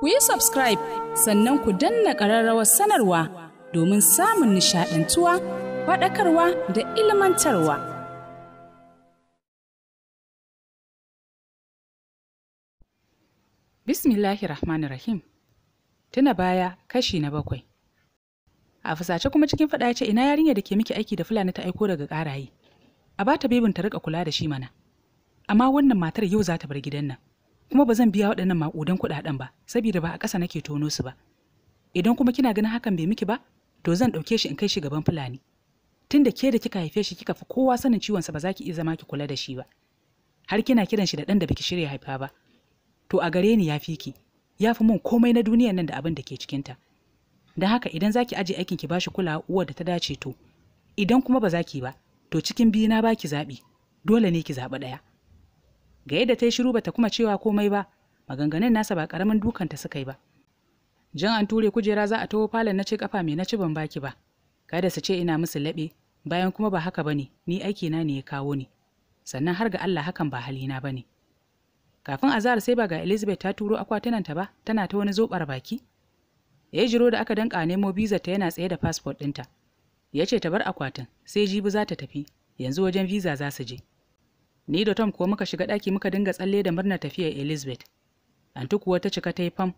ku yi subscribe sannan ku danna ƙararrawar sanarwa domin samun nishaɗantuwa faɗakarwa da ilmantarwa. Bismillahi Rahmanir Rahim Tuna baya kashi na bakwai. A fusace kuma cikin faɗa ce ina yarinyar da ke miki aiki da Fulani ta aiko daga ƙaraye. A bata bebin ta riƙa kula da shi mana. Amma wannan matar yau za ta bar gidan nan. kuma ba zan biya waɗannan maƙudan kuɗaɗen ba saboda ba a ƙasa nake tono su ba idan kuma kina ganin hakan bai miki ba to zan ɗauke shi in kai shi gaban fulani tun da ke da kika haife shi kika fi kowa sanin ciwon sa ba za ki iya zama ki kula da shi ba har kina kiran shi da ɗan da biki shirya haifa ba to a gare ni ya fi ki ya fi mun komai na duniyan nan da abin da ke cikinta don haka idan za ki aje aikin ki bashi kulawa uwar da ta dace to idan kuma ba za ki ba to cikin biyu na baki zaɓi dole ne ki zaɓi ɗaya ga yadda ta yi shiru bata kuma cewa komai ba maganganun nasa ba karamin dukanta suka yi ba jan an ture kujera za a taho falon na ce kafa mai na ci ban baki ba kada su ce ina musu laɓe bayan kuma ba haka bane ni aiki na ne ya kawo ni sannan har ga Allah hakan ba hali na bane kafin azar sai ba ga Elizabeth ta turo akwatunan ta ba tana ta wani zobar baki ya jiro da aka danka nemo visa ta yana tsaye da passport ɗinta ya ce ta bar akwatin sai jibi za ta tafi yanzu wajen visa za su je ni da tom kuwa muka shiga ɗaki muka dinga tsalle da murnar tafiyar elizabeth anti kuwa ta cika ta yi fam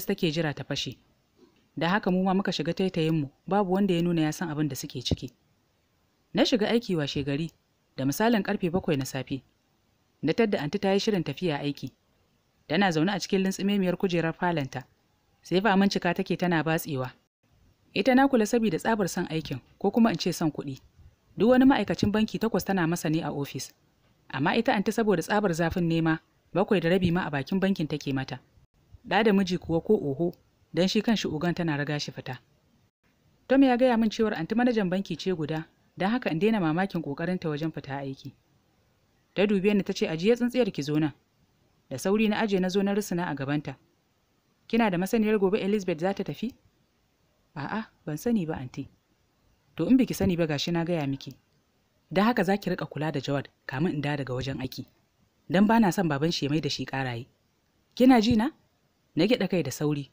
su take jira ta fashe da haka mu ma muka shiga taitayinmu babu wanda ya nuna ya san abin da suke ciki na shiga aiki washe gari da misalin karfe bakwai na safe na tadda anti ta yi shirin tafiya aiki tana zaune a cikin lintsimemiyar kujerar falanta sai ba cika take tana batsewa ita na kula saboda tsabar son aikin ko kuma in ce son kuɗi duk wani ma'aikacin banki takwas tana masa ne a ofis amma ita anti saboda tsabar zafin nema bakwai da rabi ma a bakin bankin take mata Da da miji kuwa ko oho don shi kanshi ugan tana raga shi fita tom ya gaya min cewar anti manajan banki ce guda dan haka in daina mamakin ta wajen fita aiki ta dube ni ta ce ajiye tsintsiyar ki zo nan da sauri na aje na zo na risina a gabanta kina da masaniyar gobe elizabeth za ta tafi a'a ban sani ba anti to in biki sani ba gashi na gaya miki Da haka za ki riƙa kula da jawar, kamin in da daga wajen aiki. Dan ba na son baban shi ya mai da shi ƙaraye. Kina ji na? Na gyaɗa kai da sauri.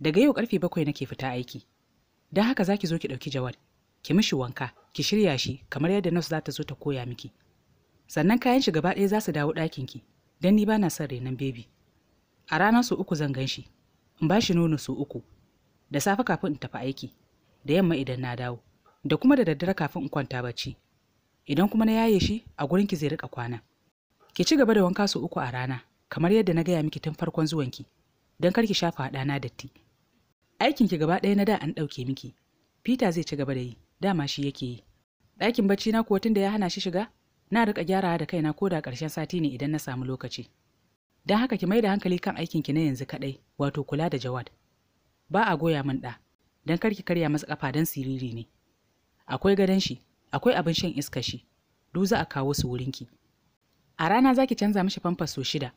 Daga yau ƙarfe bakwai nake fita aiki. Don haka za ki zo ki ɗauki jawar, Ki mishi wanka, ki shirya shi kamar yadda nurse za ta zo ta koya miki. Sannan kayan shi gaba ɗaya za su dawo ɗakinki, don ni ba na son renon bebi. A rana su uku zan gan shi, in ba shi nono su uku, da safe kafin in tafi aiki, da yamma idan na dawo, da kuma da daddare kafin in kwanta bacci. idan kuma na yaye shi a gurin ki zai rika kwana ki ci gaba da wanka su uku a rana kamar yadda na gaya miki tun farkon zuwanki don kar ki shafa ɗana datti aikin gaba ɗaya na da an ɗauke miki peter zai ci gaba da yi dama shi yake yi ɗakin bacci na kuwa tun da ya hana shi shiga na rika gyarawa da kaina ko da ƙarshen sati ne idan na samu lokaci don haka ki mai da hankali kan aikin na yanzu kaɗai wato kula da jawad ba a goya min ɗa don kar ki karya masa ƙafa don siriri ne akwai gadon shi akwai abin shan iska shi duk za a kawo su wurinki a rana za ki canza mishi famfa so shida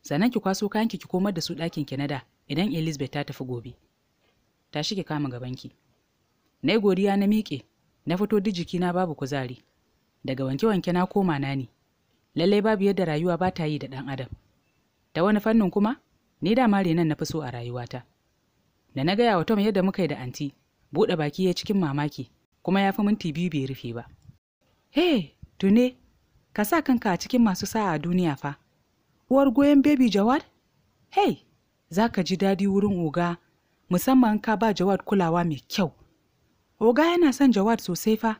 sannan ki kwaso kayanki ki komar da su ɗakin ki na da idan elizabeth ta tafi gobe tashi ki kama gabanki na yi godiya na miƙe na fito duk na babu kuzari daga wanke-wanke na koma na ne lallai babu yadda rayuwa ba ta yi da ɗan adam Da wani fannin kuma ni da dama renan na fi so a rayuwata da na gaya wa tom yadda muka yi da anti buɗe baki ya cikin mamaki kuma ya fi minti biyu bai rufe ba he tune ka sa kanka a cikin masu sa'a a duniya fa uwar goyon baby jawad hey za ka ji daɗi wurin oga musamman ka ba jawad kulawa mai kyau oga yana son jawad sosai fa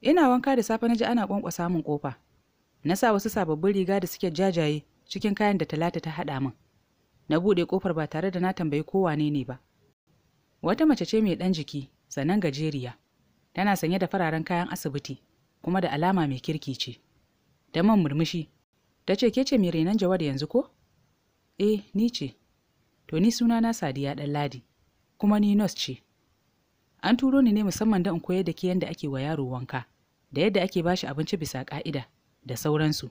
ina wanka da safe na ji ana kwankwasa samun ƙofa, na sa wasu sababbin riga da suke jajaye cikin kayan da talata ta haɗa min na buɗe kofar ba tare da na tambayi ko wane ne ba wata mace ce mai ɗan jiki sannan gajeriya Tana sanye da fararen kayan asibiti, kuma da alama mai kirki ce. Da man murmushi, ta ce ke ce mai renon jawar yanzu ko? e ni ce. To ni suna na Sadiya ɗan Ladi, kuma ni nurse ce. An turo ni ne musamman da in koyar da ke yadda ake wa yaro wanka, da yadda ake bashi abinci bisa ƙa'ida, da sauransu.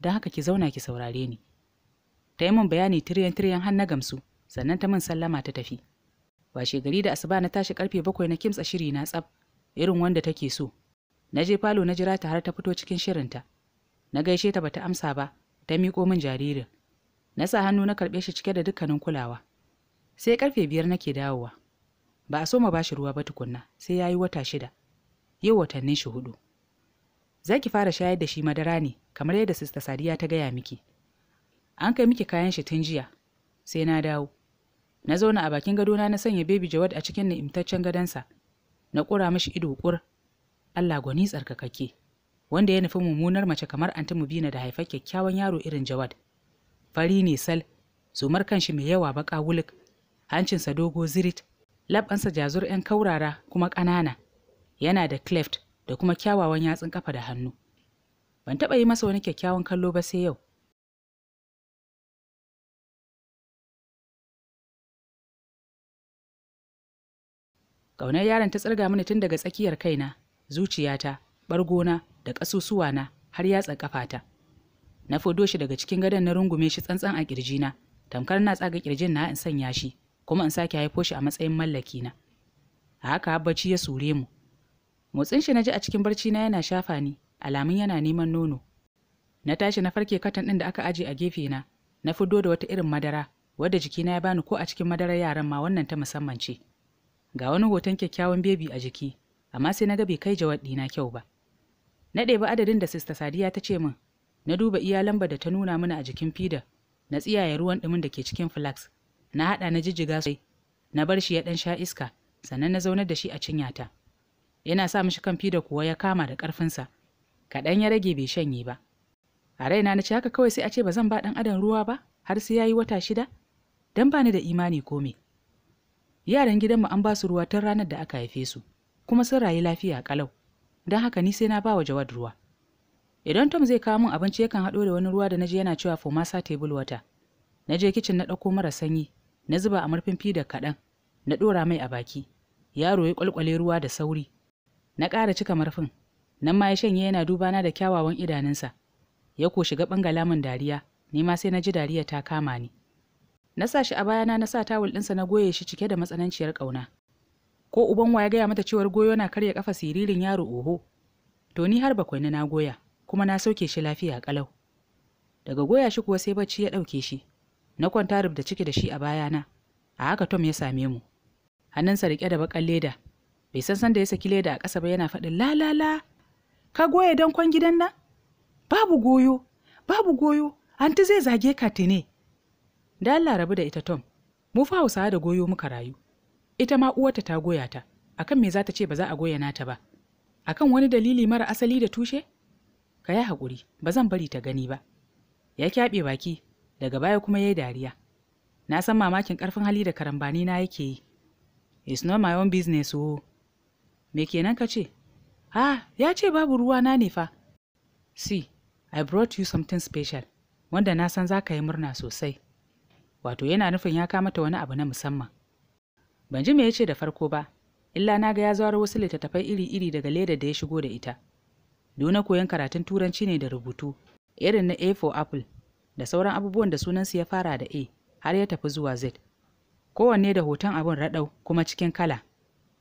Don haka ki zauna ki saurare ni. Ta yi min bayani tiryan-tiryan har na gamsu, sannan ta min sallama ta tafi. Washe gari da asuba na tashi karfe bakwai na kimtsa shiri na tsaf irin wanda take so na je falo na jira ta har ta fito cikin shirinta na gaishe ta bata amsa ba ta miƙo min jaririn na sa hannu na karɓe shi cike da dukkanin kulawa sai karfe biyar nake dawowa ba a so ma bashi ruwa ba tukunna sai ya yi wata shida yau watannin shi hudu za ki fara shayar da shi madara ne kamar yadda sista sadiya ta gaya miki an kai miki kayan shi tun jiya sai na dawo na zauna a bakin gadona na sanya bebi jawad a cikin ni'imtaccen gadansa na ƙura mashi ido ƙur Allah gwani tsarkakakke wanda ya nufi mummunar mace kamar anti mubina da haifar kyakkyawan yaro irin jawad fari ne sal zumar kanshi mai yawa baka wulik hancinsa dogo zirit labansa jazur 'yan kaurara kuma ƙanana yana da cleft da kuma kyawawan yatsun kafa da hannu ban taɓa yi masa wani kyakkyawan kallo ba sai yau ƙaunar yaron ta tsirga mini tun daga tsakiyar kaina zuciyata bargona da ƙasusuwana har yatsa ƙafata na fodo shi daga cikin gadon na rungume shi tsantsan a ƙirjina tamkar na tsaga ƙirjin na in sanya shi kuma in sake haifo shi a matsayin mallaki na a haka bacci ya sure mu motsin shi na ji a cikin barci na yana shafa ni alamun yana neman nono na tashi na farke katan ɗin da aka aje a gefe na na fido da wata irin madara wadda jikina ya bani ko a cikin madarar yaran ma wannan ta musamman ce ga wani hoton kyakkyawan bebi a jiki amma sai na ga bai kai jawaddi ɗina kyau ba na ɗebi adadin da sista sadiya ta ce min na duba iya lamba da ta nuna mini a jikin fida na tsiyaye ruwan ɗumin da ke cikin flax na haɗa na jijjiga sai na bar shi ya ɗan sha iska sannan na zaunar da shi a cinya ta. yana sa mishi kan fida kuwa ya kama da ƙarfinsa kaɗan ya rage bai shanye ba a raina na ci haka kawai sai a ce ba zan ba ɗan adam ruwa ba har sai ya yi wata shida don ba ni da imani ko me yaran gidanmu an ba su ruwa tun ranar da aka haife su kuma sun rayu lafiya kalau don haka ni sai na ba wa jawad ruwa idan tom zai kawo min abinci yakan haɗo da wani ruwa da naji yana cewa fomasa table water na je kicin na ɗauko mara sanyi na zuba a murfin fida kaɗan na ɗora mai a baki yaro ya ƙwalƙwale ruwa da sauri na ƙara cika murfin nan ma ya shanye yana duba na da kyawawan idanunsa ya ko shiga ɓangalamin dariya ni ma sai na ji dariya ta kama ni na sa shi a bayana na sa tawul ɗinsa na goye shi cike da matsananciyar ƙauna ko uban wa ya gaya mata cewar goyo na karya ƙafa siririn yaro oho to ni har bakwai na goya kuma na sauke shi lafiya ƙalau daga goya shi kuwa sai bacci ya ɗauke shi na kwanta rubda ciki da shi a bayana a haka tom ya same mu hannunsa riƙe da baƙar leda bai san san da ya saki leda a ƙasa ba yana faɗin la la la ka goya dankon gidan na? babu goyo babu goyo anti zai zage ka tene da Allah rabu da ita Tom mu fa Hausawa da goyo muka rayu ita ma uwarta ta goya ta akan me za ta ce ba za a goya nata ba akan wani dalili mara asali da tushe ka yi haƙuri ba zan bari ta gani ba ya kyaɓe baki daga baya kuma ya yi dariya na san mamakin ƙarfin hali da karambani na yake yi it's not my own business o oh. me kenan ka ce ha ah, ya ce babu ruwa na ne fa see i brought you something special wanda na san za ka yi murna sosai wato yana nufin ya kama ta wani abu na musamman ban ji me ya ce da farko ba illa na ga ya zawar wasu littattafai iri-iri daga ledar da ya shigo da ita dona koyon karatun turanci ne da rubutu irin na a for apple da sauran abubuwan da sunansu ya fara da a har ya tafi zuwa z kowanne da hoton abin raɗau kuma cikin kala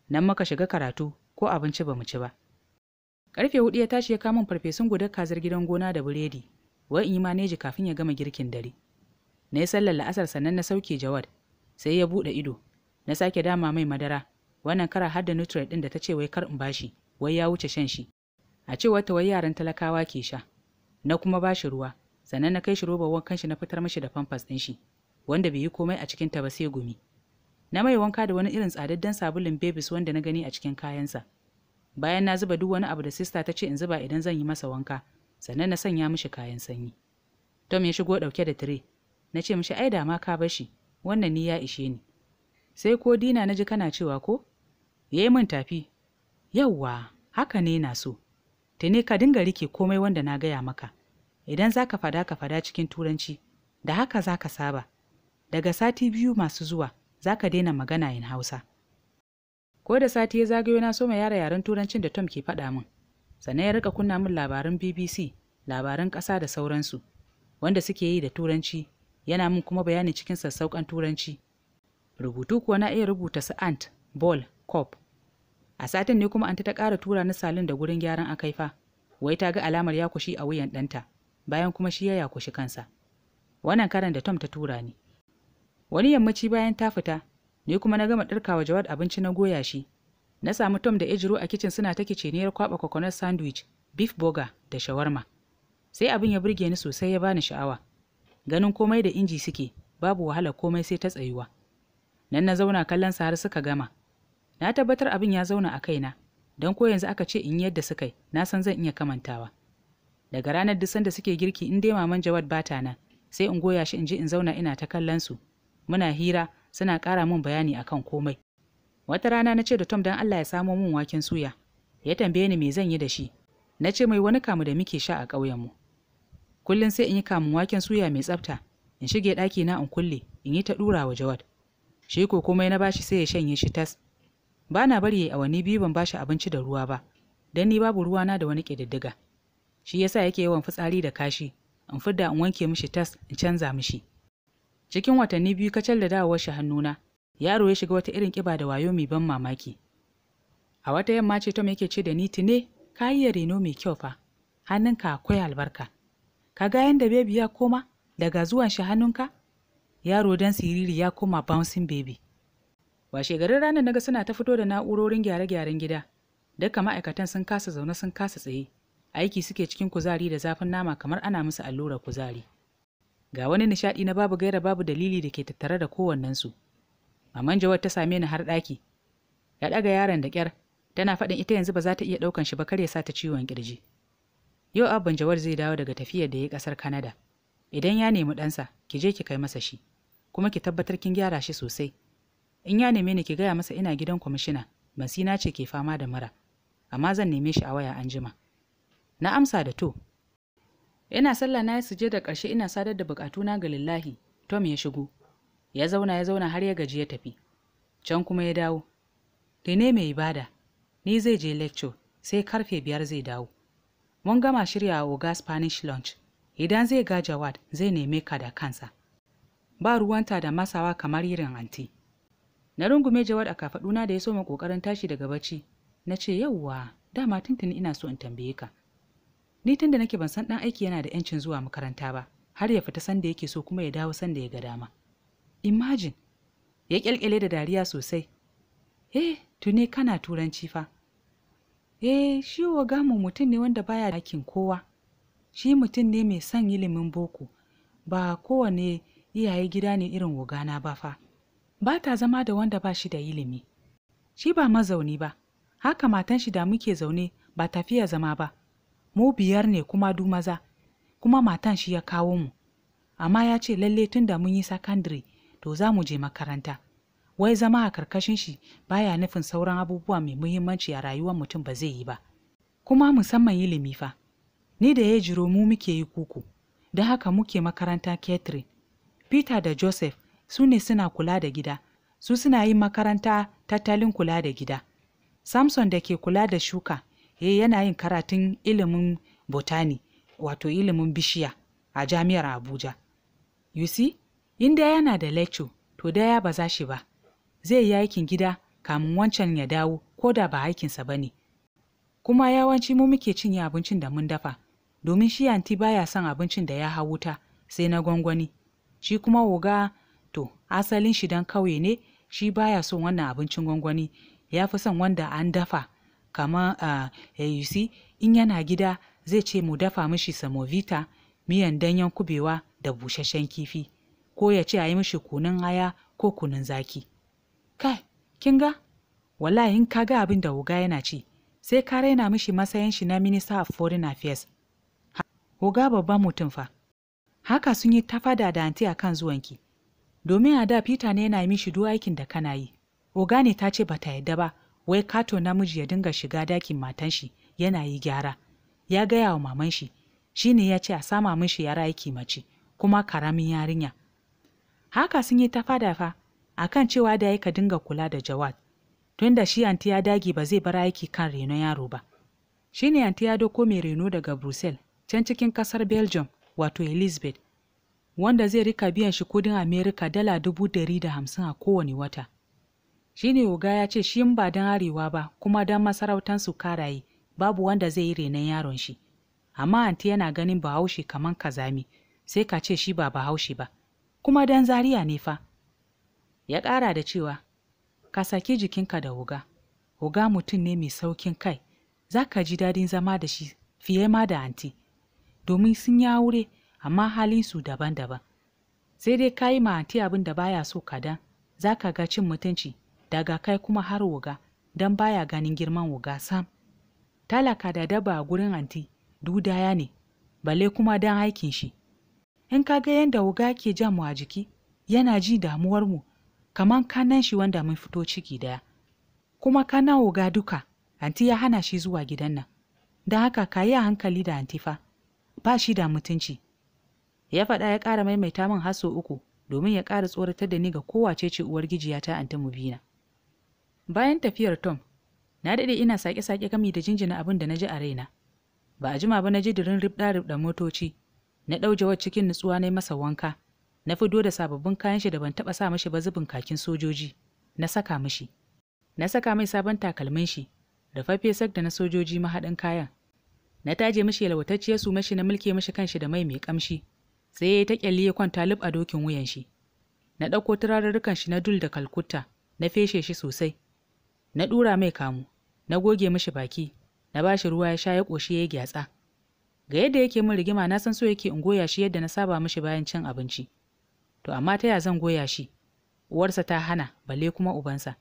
nan muka shiga karatu ko abinci ba mu ci ba karfe hudu ya tashi ya kamun farfesun gudar kazar gidan gona da biredi wai in yi maneji kafin ya gama girkin dare na yi sallar la'asar sannan na sauke jawar, sai ya buɗe ido na sake dama mai madara wannan kara har da nutrient ɗin da ta ce wai kar in bashi wai ya wuce shan shi a ce wata wai yaran talakawa ke sha na kuma ba shi ruwa sannan na kai shi robar wankan shi na fitar mishi da famfas ɗin shi wanda bai yi komai a cikin ta ba sai gumi na mai wanka da wani irin tsadaddan sabulin babies wanda na gani a cikin kayansa bayan na zuba duk wani abu da sista ta ce in zuba idan zan yi masa wanka sannan na sanya mishi kayan sanyi tom ya shigo ɗauke da tire na ce mishi ai da ma ka bashi wannan ni ya ishe ni sai ko dina na ji kana cewa ko ya yi min tafi Yawwa, haka ne na so tuni ka dinga rike komai wanda na gaya maka idan za ka fada ka fada cikin turanci da haka za ka saba daga sati biyu masu zuwa za ka daina magana in hausa ko da sati ya zagayo na so soma yara yaren turancin da tom ke faɗa min sannan ya rika kunna min labaran bbc labaran ƙasa da sauransu wanda suke yi da turanci yana min kuma bayani cikin sassauƙan turanci rubutu kuwa na iya rubuta su ant ball cop a satin ne kuma anta ta ƙara tura ni salin da gurin gyaran akaifa wai ta ga alamar ya kushi a wuyan ɗanta bayan kuma shi ya kushi kansa wannan karan da tom ta tura ni wani yammaci bayan ta fita ne kuma na gama ɗirkawa jawad abinci na goya shi na samu tom da ejiro a kicin suna ta kiciniyar kwaɓa coconut sandwich beef burger da shawarma sai abin ya burge ni sosai ya bani sha'awa ganin komai da inji suke babu wahala komai sai ta tsayuwa nan na zauna kallon sa har suka gama na tabbatar abin ya zauna a kaina don ko yanzu aka ce in yadda suka yi na san zan iya kamantawa daga ranar duk da suke girki in dai maman Jawad bata nan sai in goya shi in je in zauna ina ta kallon su muna hira suna ƙara min bayani akan komai wata rana na ce da Tom dan Allah ya samo min waken suya ya tambaye ni me zan yi da shi na ce mai wani kamu da muke sha a ƙauyenmu mu kullum sai in yi kamun waken suya mai tsafta in shige ɗaki na in kulle in yi ta ɗura wa jawad shi ko komai na bashi sai ya shanye shi tas ba na bari ya awanni biyu ban bashi abinci da ruwa ba dan ni babu ruwa na da wani ƙididdiga shi yasa yake yawan fitsari da kashi in fidda in wanke mishi tas in canza mishi cikin watanni biyu kacal da dawowar shi hannuna yaro ya shiga wata irin kiba da wayo mai ban mamaki a wata yamma ce tom yake ce da ni tune ka yi reno mai kyau fa hannunka akwai albarka ka ga yanda baby ya koma daga zuwan shi hannunka yaro dan siriri ya koma bouncing baby washe garin ranar naga suna ta fito da na'urorin gyare-gyaren gida duka ma'aikatan sun kasa zaune sun kasa tsaye aiki suke cikin kuzari da zafin nama kamar ana musu allurar kuzari ga wani nishaɗi na babu gaira babu dalili da ke tattare da kowannensu maman jawar ta same ni har ɗaki ya ɗaga yaron da ƙyar tana faɗin ita yanzu ba za ta iya ɗaukan shi ba kar ya sa ta ciwon ƙirji Yau abban jawar zai dawo daga tafiyar da ya kasar Kanada. Idan ya nemi ɗansa, ki je ki kai masa shi, kuma ki tabbatar kin gyara shi sosai. In ya neme ni ki gaya masa ina gidan kwamishina, Masina ce ke fama da mura, amma zan neme shi a waya an Na amsa da to. Ina sallah na suje da ƙarshe ina sadar da buƙatuna ga lillahi, Tom ya shigo. Ya zauna ya zauna har ya gaji ya tafi. Can kuma ya dawo. Tene mai ibada, ni zai je lecture, sai karfe biyar zai dawo. Mun gama shirya a oga Spanish lunch. Idan zai ga Jawad zai neme ka da kansa. Ba ruwanta da masawa kamar irin anti. Na rungume Jawad a kafaɗuna da ya so ma ƙoƙarin tashi daga bacci. Na ce yauwa dama tuntuni ina so in tambaye ka. Ni tun da nake ban san ɗan aiki yana da 'yancin zuwa makaranta ba, har ya fita sanda yake so kuma ya dawo sanda ya ga dama. Imagine, ya kyalkyale da dariya sosai. Eh, tuni kana turanci fa, eh shi wagamu mutum ne wanda baya dakin kowa shi mutum ne mai son ilimin boko ba kowane iyaye gida ne irin wogana ba fa ba ta zama da wanda ba shi da ilimi shi ba mazauni ba haka matan shi da muke zaune ba tafiya zama ba mu biyar ne kuma du maza kuma matan shi ya kawo mu amma ya ce lalle tun da mun yi sakandare to za mu je makaranta wai zama a karkashin shi baya nufin sauran abubuwa mai muhimmanci a rayuwar mutum ba zai yi ba kuma musamman ilimi fa ni da ya jiro mu muke yi kuku don haka muke makaranta catherine peter da joseph su ne suna kula da gida su suna yin makaranta tattalin kula da gida samson da ke kula da shuka e yana yin karatun ilimin botani wato ilimin bishiya a jami'ar abuja you see inda yana da lecture to daya ba za shi ba zai yi aikin gida kamun wancan ya dawo ko da ba aikinsa ba ne kuma yawanci mu muke cinye abincin da mun dafa domin shi anti baya son abincin da ya hau wuta sai na gwangwani shi kuma oga to asalin shi dan kauye ne shi baya son wannan abincin gwangwani ya fi son wanda an dafa kamar uh, eh, hey, in yana gida zai ce mu dafa mishi samovita miyan danyen kubewa da busasshen kifi ko ya ce a yi mishi kunun haya ko kunun zaki kai kin ga wallahi in ka ga abin da oga yana ci sai ka raina mishi matsayin shi na minister of foreign affairs oga babban mutum fa haka sun yi ta fada da anti akan zuwanki domin a da peter ne yana mishi duk aikin da kana yi oga ne ta ce bata yadda ba wai kato namiji ya dinga shiga dakin matan shi yana yi gyara ya gaya wa maman shi ne ya ce a sama mishi yara aiki mace kuma karamin yarinya haka sun yi ta fada fa A kan cewa da ya ka dinga kula da Jawad da shi anti ya dage ba zai bar aiki kan renon yaro ba. Shi ne anti ya doko mai reno daga Brussels can cikin kasar Belgium wato Elizabeth wanda zai rika biyan shi kudin america dala dubu dari da hamsin a kowane wata. Shi ne Oga ya ce shi ba don arewa ba kuma don masarautan su karaye babu wanda zai yi renon yaron shi. Amma anti yana ganin bahaushe kaman kazami sai ka ce shi ba bahaushe ba. Kuma dan zaria ne fa. Ya ƙara da cewa, Ka saki jikinka da wuga, wuga mutum ne mai saukin kai, za ka ji daɗin zama da shi fiye ma da anti, domin sun yi aure amma su daban-daban. Sai dai ka yi ma anti abin da baya so kadan, za ka ga cin mutunci daga kai kuma har wuga, don baya ganin girman wuga sam. Talaka da daba a gurin anti, dudaya ne, bale kuma don aikin shi. In ka ga yadda wuga ke jan a jiki, yana ji damuwar mu kamar kanan shi wanda mun fito ciki daya kuma kana oga duka anti ya hana shi zuwa gidan nan da haka ka yi a hankali da anti fa ba shi da mutunci ya faɗa ya ƙara maimaita min haso uku domin ya ƙara tsoratar da ni ga kowace ce uwar gijiya ta anti mubina bayan tafiyar tom na daɗe ina sake-sake gami da jinjina abin da na ji a raina ba a jima ba na ji dirin ribɗa ribɗa motoci na ɗau wa cikin nutsuwa na masa wanka na fi da sababbin kayan shi da ban taɓa sa mishi ba zubin kakin sojoji na saka mishi na saka mai sabon takalmin shi rufaffe sak da na sojoji mahaɗin kayan na taje mishi yalwatacciyar su mashi na mulke mishi kanshi da mai mai kamshi sai ya yi ta kyalli ya kwanta lub a dokin wuyan shi na ɗauko turarurrukan shi na dul da kalkutta na feshe shi sosai na ɗura mai kamu na goge mishi baki na ba shi ruwa ya sha ya ƙoshi ya yi gyatsa ga yadda yake min rigima na san so yake in goya shi yadda na saba mishi bayan cin abinci To amma ta ya zan goya shi? Uwarsa ta hana, balle kuma ubansa.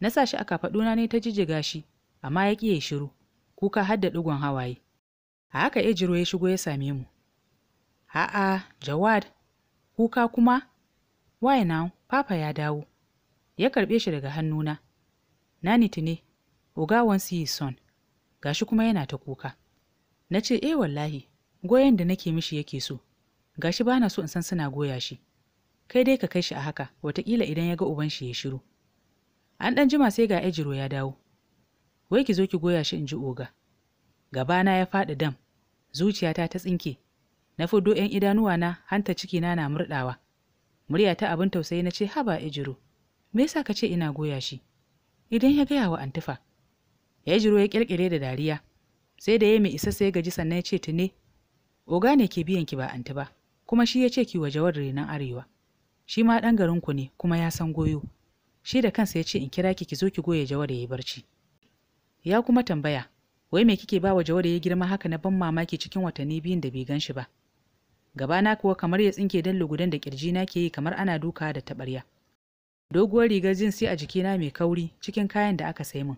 Na sa shi a kafaɗuna ne ta jijjiga shi, amma ya ƙi ya shiru, kuka har da ɗigon hawaye. A haka Ejiro ya shigo ya same mu. A'a, Jawad, kuka kuma? Why now, Papa ya dawo. Ya karɓe shi daga hannuna. na ne, Oga su yi son. Gashi kuma yana ta kuka. Na ce, eh wallahi, goyon da nake mishi yake so. Gashi bana so in san suna goya shi. kai dai ka kai shi a haka wataƙila idan ya ga uban shi ya shiru an ɗan jima sai ga ejiro ya dawo wai ki zo ki goya shi in ji oga gabana ya faɗi dam zuciyata ta tsinke na fido ‘yan idanuwana hanta cikina na murɗawa murya ta abin tausayi na ce haba ejiro me yasa ka ce ina goya shi idan ya gaya wa antifa ejiro ya ƙirƙire da dariya sai da ya mai isa sai gaji sannan ya ce tune oga ne ke biyan ki ba anti kuma shi ya ce ki waje jawar nan arewa shi ma ɗan garinku ne kuma ya san goyo shi da kansa ya ce in kira ki ki zo ki goya jawar ya yi barci ya kuma tambaya wai me kike ba wa jawar ya girma haka na ban mamaki cikin watanni biyun da bai gan shi ba gabana kuwa kamar ya tsinke dan lugudan da kirji na ke yi kamar ana duka da taɓarya doguwar rigar jin sai a jikina mai kauri cikin kayan da aka sai min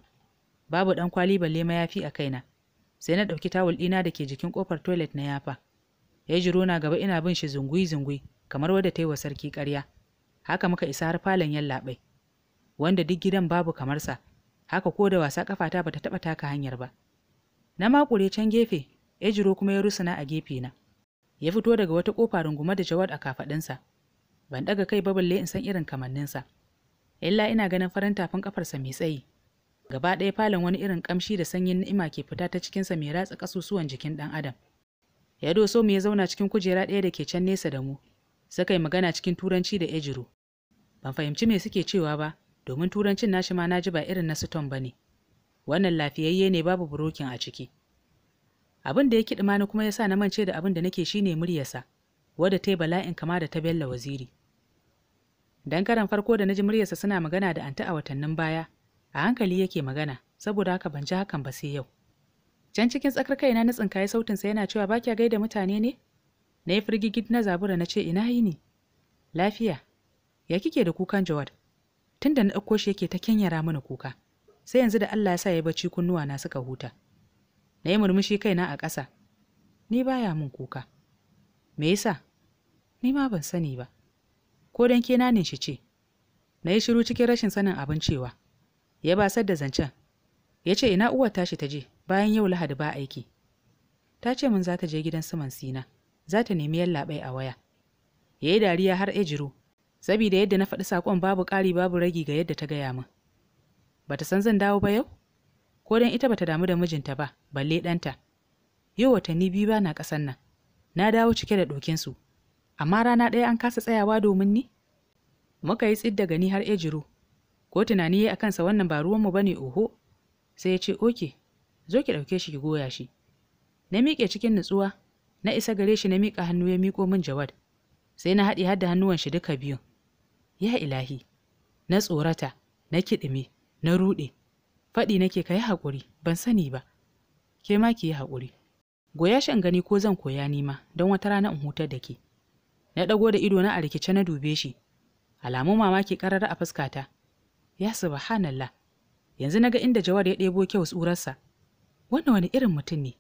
babu ɗan kwali balle mayafi a kaina sai na ɗauki tawul ɗina da ke jikin ƙofar toilet na yafa ya jiro na gaba ina bin shi zungui zungui kamar wadda ta yi wa sarki karya, haka muka isa har falon yallaɓai wanda duk gidan babu kamar sa haka ko da wasa ba bata taɓa taka hanyar ba na makure can gefe ejiro kuma ya rusuna a gefe na ya fito daga wata kofa runguma da jawad a kafaɗinsa. ban ɗaga kai ba balle in san irin kamanninsa illa ina ganin farin tafin kafarsa mai tsayi gaba ɗaya falon wani irin ƙamshi da sanyin ni'ima ke fita ta cikinsa mai ratsa kasusuwan jikin ɗan adam ya doso mu ya zauna cikin kujera ɗaya da ke can nesa da mu Suka yi magana cikin turanci da Ejiro. Ban fahimci me suke cewa ba, domin turancin nashi ma na ji ba irin na Suton ba ne. Wannan lafiyayye ne babu burokin a ciki. Abin da ya kiɗi Mani kuma ya na mance da abin da nake shine muryarsa, wadda ta yi bala'in kama da ta Bello Waziri. Dan karan farko da na ji muryarsa suna magana da anta a watannin baya, a hankali yake magana, saboda haka ban ji hakan ba sai yau. Can cikin tsakar kaina na tsinkaye sautinsa yana cewa ba kya gaida mutane ne? na yi firgigit na zabura na ce ina yi ne lafiya ya kike da kukan jawad tun da na ɗauko shi yake ta kenyara mana kuka sai yanzu da allah ya sa ya bacci kunnuwa na suka huta na yi murmushi kaina a ƙasa ni baya min kuka me yasa ni ma ban sani ba ko dan ke nanin shi ce na yi shiru cikin rashin sanin abin cewa ya basar da zancen ya ce ina uwar tashi ta je bayan yau lahadi ba aiki ta ce min za ta je gidan saman sina za ta nemi yallaɓai a waya ya yi dariya har ejiro sabida yadda na faɗi saƙon babu ƙari babu ragi ga yadda ta gaya min ta san zan dawo ba yau ko dan ita bata damu da mijinta ba balle ɗanta yau watanni biyu ba na ƙasan nan na dawo cike da ɗokinsu amma rana ɗaya an kasa tsayawa domin ni muka yi tsid da gani har ejiro ko tunani ya yi a kansa, wannan ba ruwanmu ba ne oho sai ya ce oke zo ki ɗauke shi ki goya shi na miƙe cikin nutsuwa na isa gare shi na miƙa hannu ya miƙo min jawad sai na haɗe har da hannuwan shi duka biyun ya ilahi na tsorata na kiɗime na ruɗe faɗi nake ka yi haƙuri ban sani ba ke ma ki yi haƙuri goya shan gani ko zan koya nima don wata rana in hutar da ke na ɗago da ido na a rikice na dube shi Alamu mamaki ƙarara a fuskata ya subhanallah yanzu naga inda jawar ya ɗebo kyau tsurarsa wannan wani irin mutum ne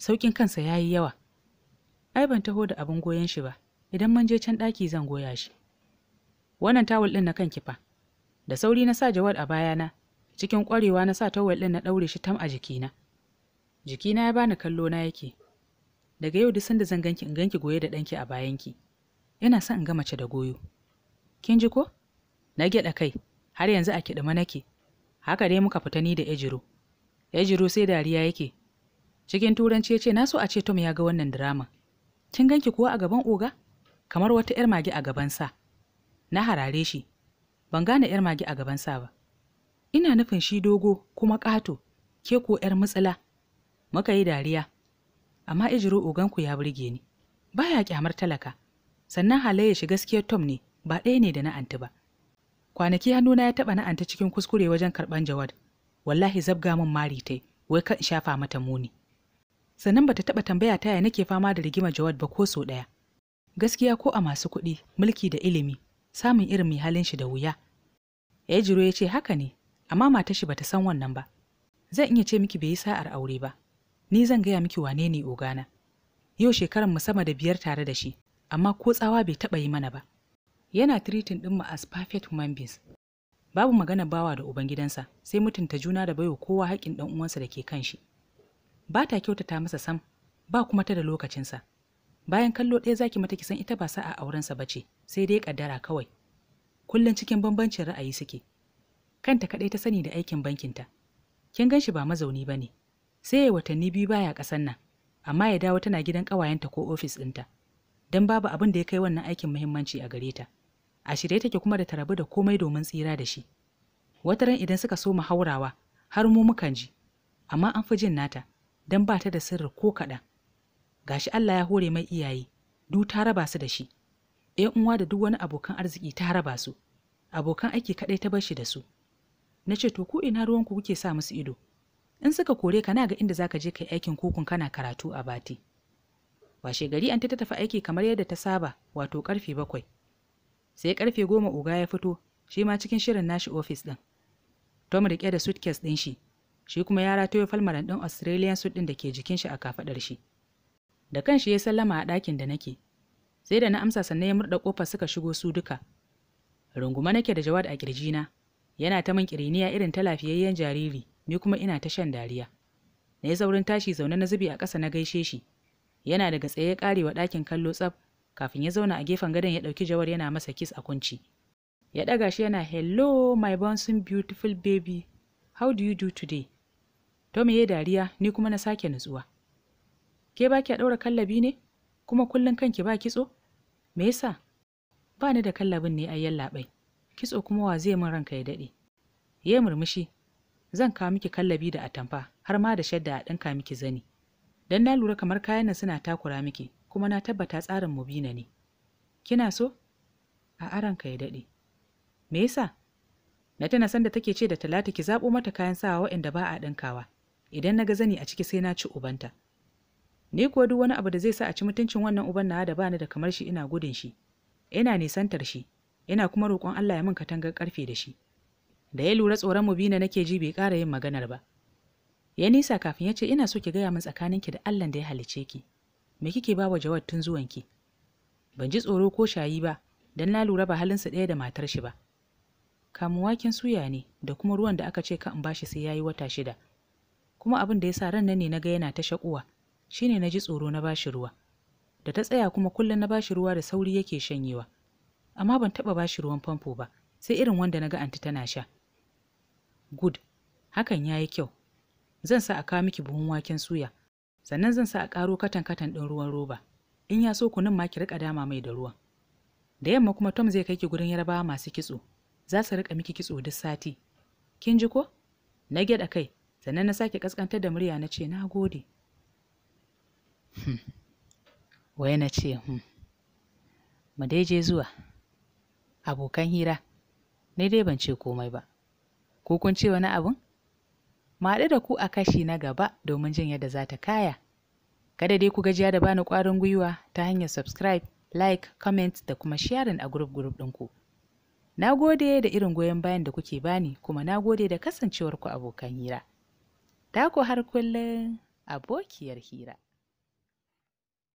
sauƙin kansa ya yi yawa ai ban taho da abin goyon shi ba idan mun je can ɗaki zan goya shi wannan tawul ɗin na kan kifa da sauri na sa jawar a bayana cikin ƙwarewa na sa tawul ɗin na ɗaure shi tam a jikina jikina ya bani kallo na yake daga yau duk sanda zan ganki in ganki goye da ɗanki a bayanki ina son in ga mace da goyo kin ji ko na gyaɗa kai har yanzu a kiɗima nake haka dai muka fita ni da ejiro ejiro sai dariya yake cikin turanci ya ce na so a ce tom ya ga wannan drama kin ganki kuwa a gaban oga kamar wata 'yar mage a gaban sa. na harare shi ban gane 'yar mage a gaban sa ba ina nufin shi dogo kuma ƙato ke ko 'yar mutsila muka yi dariya amma ijiro oganku ya burge ni baya kyamar talaka sannan halayya shi gaskiyar tom ne ba ɗaya ne da na anti ba kwanaki hannuna ya taɓa na anti cikin kuskure wajen karɓan jawad wallahi zabga min mari tai wai kan shafa mata muni sannan bata taɓa tambaya ta yaya nake fama da rigima Jawad ba ko so ɗaya. Gaskiya ko a masu kuɗi, mulki da ilimi, samun irin mai halin shi da wuya. jiro ya ce haka ne, amma matar shi bata san wannan ba. Zan iya ce miki bai yi sa'ar aure ba. Ni zan gaya miki wane ne ogana. Yau shekaran mu sama da biyar tare da shi, amma ko tsawa bai taɓa yi mana ba. Yana tiritin ɗin mu as perfect human beings. Babu magana bawa da ubangidansa, sai mutunta juna da baiwa kowa haƙƙin ɗan uwansa da ke kan shi. ba ta kyautata masa sam ba kuma ta da lokacinsa bayan kallo ɗaya zaki mata kisan ita ba sa'a aurensa ba ce sai dai kaddara kawai kullum cikin bambancin ra'ayi suke kanta kaɗai ta sani da aikin bankinta kin gan shi ba mazauni ba ne sai ya watanni biyu baya ƙasan nan amma ya dawo tana gidan ƙawayenta ko ofis ɗinta don babu abin da ya kai wannan aikin muhimmanci a gare ta a shirye take kuma da ta da komai domin tsira da shi wata ran idan suka so mu haurawa har mu mukan ji amma an fi jin nata don ba ta da sirri ko kaɗan Ga shi Allah ya hore mai iyaye du ta raba su da shi ‘yan uwa da duk wani abokan arziki ta raba su abokan aiki kaɗai ta bar shi da su na ce to ko ina ruwanku kuke sa musu ido in suka kore ka na ga inda za ka je kai aikin kukun kana karatu a bati washe gari an ta tafi aiki kamar yadda ta saba wato karfe bakwai sai karfe goma oga ya fito shi ma cikin shirin nashi ofis ɗin. tom rike da suitcase din shi shi kuma ya ratayo falmaran ɗin Australian suit ɗin da ke jikin shi a kafaɗar shi. Da kanshi ya sallama a ɗakin da nake. Sai da na amsa sannan ya murɗa ƙofa suka shigo su duka. Runguma nake da Jawad a na. yana ta min ƙiriniya irin ta lafiyayyen jariri, ni kuma ina ta shan dariya. Na yi saurin tashi zaune na zubi a ƙasa na gaishe shi. Yana daga tsaye ya ƙare wa ɗakin kallo tsaf kafin ya zauna a gefen gadon ya ɗauki Jawad yana masa kis a kunci. Ya ɗaga shi yana hello my bouncing beautiful baby how do you do today? me ya dariya ni kuma na sake nutsuwa. Ke ba ki ɗaura kallabi ne? Kuma kullum kanki ba kitso? Me yasa? Ba ni da kallabin ne ayyan labai. Kitso kuma wa zai min ranka ya daɗe. Ya murmushi. Zan kawo miki kallabi da atamfa har ma da shadda a ɗinka miki zani. Dan na lura kamar kayan nan suna takura miki kuma na tabbata tsarin mu bina ne. Kina so? A aranka ya daɗe. Me yasa? Na tana da take ce da Talatu ki zaɓo mata kayan sawa waɗanda ba a dinkawa. idan na ga zani a ciki sai na ci ubanta ni kuwa duk wani abu da zai sa a ci mutuncin wannan uban na da bani da kamar shi ina gudun shi ina nisantar shi ina kuma roƙon Allah ya min katangar karfe da shi da ya lura tsoron mu bina nake ji bai ƙara yin maganar ba ya nisa kafin ya ce ina so ki gaya min tsakanin ki da Allah da ya halice ki me kike bawa wa jawad tun ki ban ji tsoro ko shayi ba dan na lura ba halinsa ɗaya da matar shi ba kamun waken suya ne da kuma ruwan da aka ce ka in bashi sai yayi wata shida kuma abin da ya sa ran nan ne na ga yana ta shakuwa shine na ji tsoro na bashi ruwa da ta tsaya kuma kullum na bashi ruwa da sauri yake shanyewa amma ban taba bashi ruwan famfo ba sai irin wanda na ga anti tana sha good hakan yayi kyau zan sa a kawo miki buhun waken suya sannan zan sa a karo katan katan din ruwan roba in ya so kunun ma ki rika dama mai da ruwa da yamma kuma Tom zai kai ki gurin yarbawa masu kitso za su rika miki kitso duk sati kin ji ko na gyada kai sannan na sake kaskantar da murya na ce na gode hmm. waye na ce hmm. mu dai je zuwa abokan hira Na dai ban ce komai ba ko kun ce wani abun? mu da ku a kashi na gaba domin jin yadda za ta kaya kada dai ku gajiya da bani ƙwarin gwiwa ta hanyar subscribe like comment da kuma sharing a group group ɗinku na gode da irin goyon bayan da kuke bani kuma na gode da kasancewarku abokan hira Taku har kullum abokiyar hira.